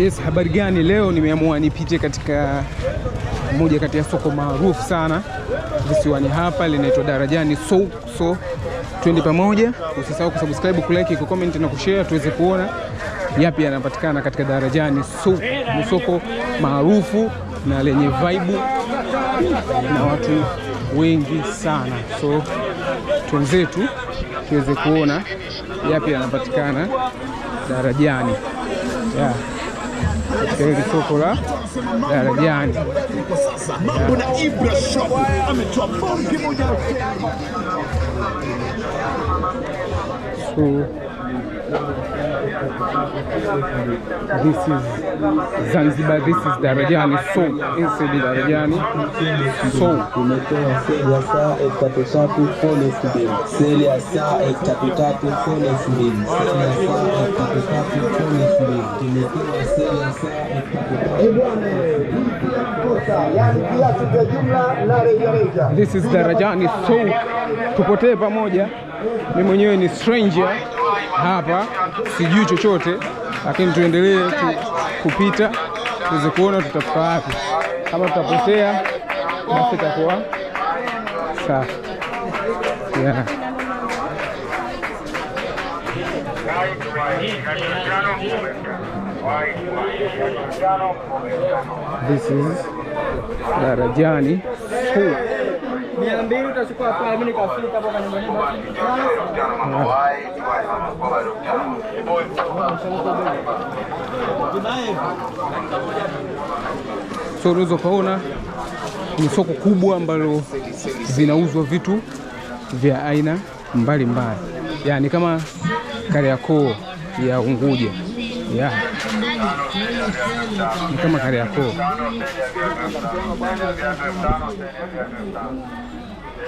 Yes, habari gani? Leo nimeamua nipite katika moja kati ya soko maarufu sana visiwani hapa, linaitwa Darajani so Twende pamoja, usisahau kusubscribe, kulike, kucomment na kushare tuweze kuona yapi yanapatikana katika Darajani Soko. Ni soko maarufu na lenye vibe na watu wengi sana, so tu tuweze kuona yapi yanapatikana Darajani. Yeah katika hili soko la Darajani. Mambo na Ibra Shop ametoa bonge moja la This is Zanzibar, this is Darajani. So, inside Darajani. So, This is Darajani. So, tupotee pamoja. Mimi mwenyewe ni stranger hapa, sijui chochote, lakini tuendelee tu, kupita tuweze kuona tutafika wapi. Kama tutapotea basi itakuwa safi yeah. This is Darajani Suwa mia mbili utachukua mimi nikafika kwa so ulizopaona ni soko kubwa ambalo zinauzwa vitu vya aina mbalimbali, yaani kama Kariakoo ya Unguja ya ni kama Kariakoo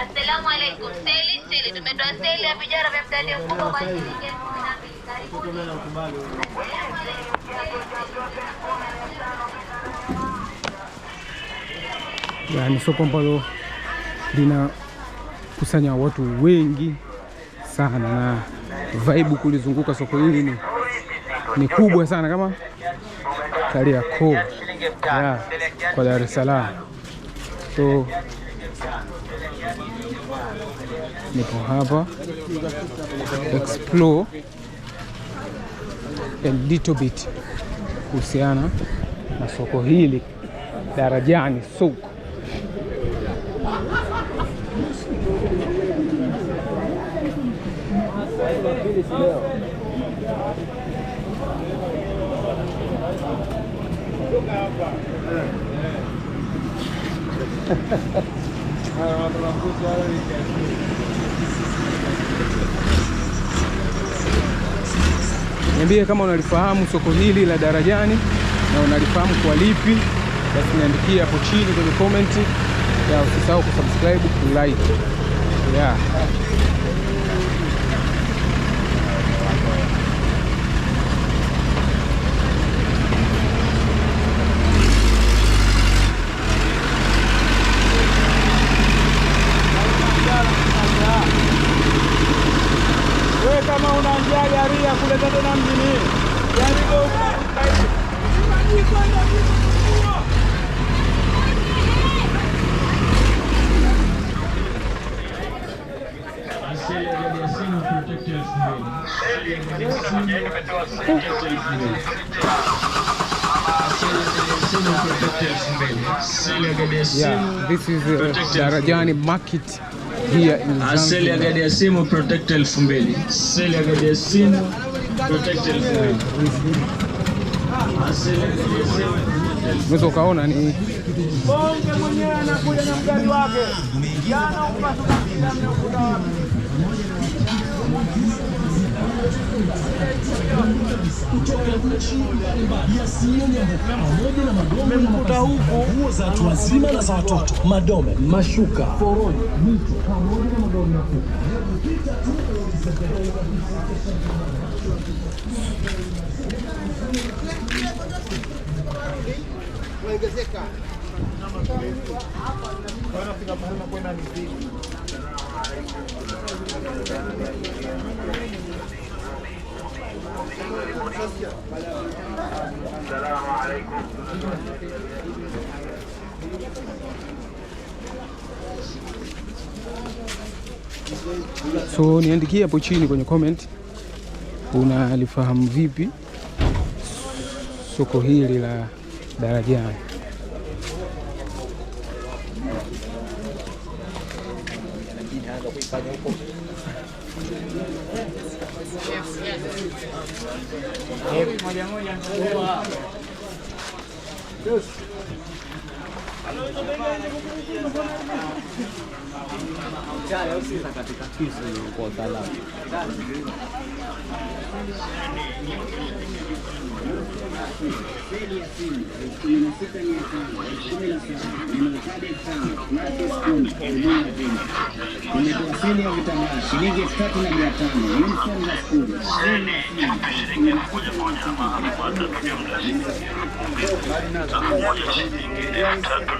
Assalamu alaikum. Seli seli, tumetoa seli ya vijana vya mtaani mkubwa kwa shilingi elfu Ya, ni yaani soko ambalo linakusanya watu wengi sana na vaibu kulizunguka soko hili ni, ni kubwa sana kama Kariakoo kwa Dar es Salaam. So Nipo hapa explore a little bit kuhusiana na soko hili Darajani soko Niambie kama unalifahamu soko hili la Darajani na unalifahamu kwa lipi, basi niandikie hapo chini kwenye comment ya, usisahau kusubscribe, kulike yeah. unaanzia gari ya kuletana na mjini yaliko Yeah, this is uh, Darajani market. Ah, seli ya gadi ya simu protect elfu mbili. Ah, seli ya gadi ya simu protect elfu mbili. Unaweza ukaona ni bonge mwenyewe anakuja na mgadi wake. Jana upata kabisa mnakuta wapi? kutoka nchi na magome nguo za watu wazima na za watoto, madome, mashuka, foronya, mito pamoja na magome ya kuku. So niandikie hapo chini kwenye comment unalifahamu vipi soko hili la Darajani. Hep. Hep. Hep. Hep. Imekuwasili ya vitambaa shilingi elfu tatu na mia tano uniform za skuli. Shilingi elfu tatu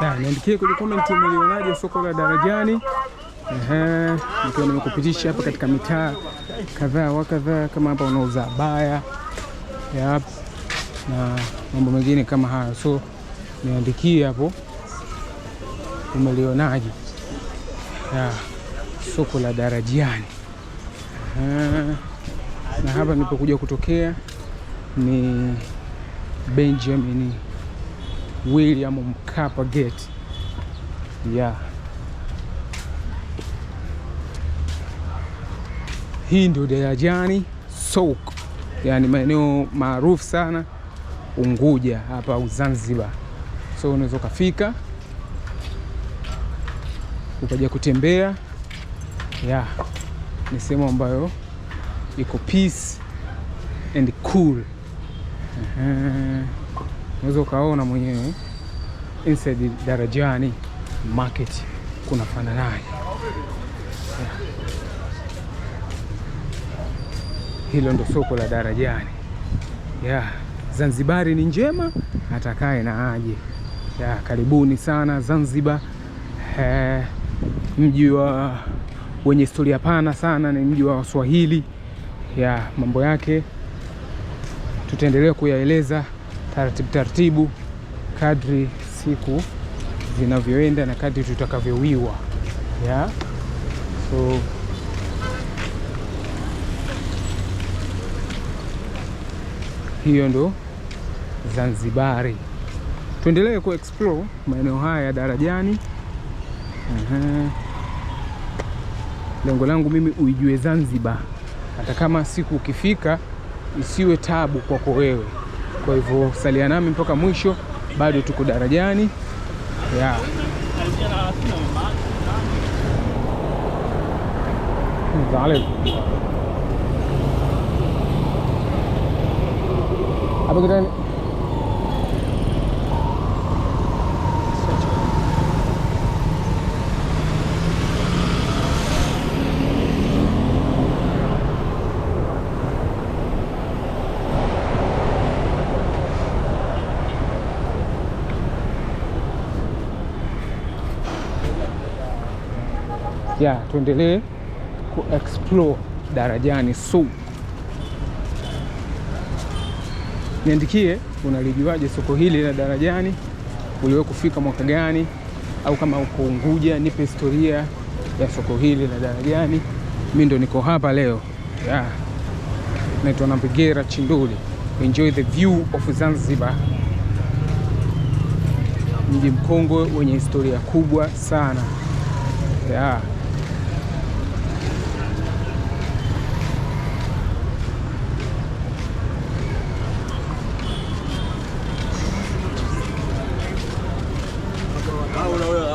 Niandikie kwenye comment mlionaje soko la Darajani. Ehe, nikiwa nimekupitisha hapa katika mitaa kadhaa wa kadhaa, kama hapa unauza baya yep, na mambo mengine kama haya, so niandikie hapo umelionaje soko la Darajani. Ehe, na hapa nilipokuja kutokea ni Benjamin William Mkapa Gate yeah. Hii ndio Darajani Souk, yani maeneo maarufu sana Unguja hapa Uzanzibar. So unaweza ukafika ukaja kutembea yeah. Ni sehemu ambayo iko peace and cool. uh -huh unaweza ukaona mwenyewe inside Darajani market kuna fananaye hilo ndo soko la Darajani. Yeah, Zanzibari ni njema atakaye na aje. Yeah, karibuni sana Zanzibar. Eh, mji wa wenye historia pana sana, ni mji wa Waswahili. Yeah, mambo yake tutaendelea kuyaeleza taratibu taratibu, kadri siku zinavyoenda na kadri tutakavyowiwa yeah. So hiyo ndo Zanzibari. Tuendelee ku explore maeneo haya ya Darajani. Lengo langu mimi uijue Zanzibar, hata kama siku ukifika isiwe tabu kwako wewe. Kwa hivyo salia nami mpaka mwisho, bado tuko darajani yeah. ja, tuendelee ku explore Darajani Sugu. Niandikie unalijuaje soko hili la Darajani, uliwahi kufika mwaka gani? Au kama uko Unguja, nipe historia ya soko hili la Darajani. Mi ndo niko hapa leo yeah. Naitwa Nampegera Chinduli. Enjoy the view of Zanzibar, mji mkongwe wenye historia kubwa sana yeah.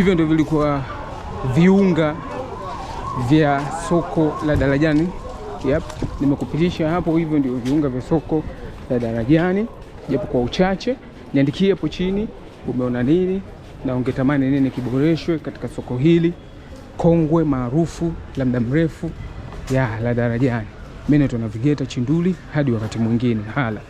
Hivyo ndio vilikuwa viunga vya soko la Darajani. Yep, nimekupitisha hapo. Hivyo ndio viunga vya soko la Darajani japo kwa uchache. Niandikie hapo chini umeona nini na ungetamani nini kiboreshwe katika soko hili kongwe maarufu la muda mrefu ya la Darajani. Mimi ni Navigator Chinduli, hadi wakati mwingine, hala.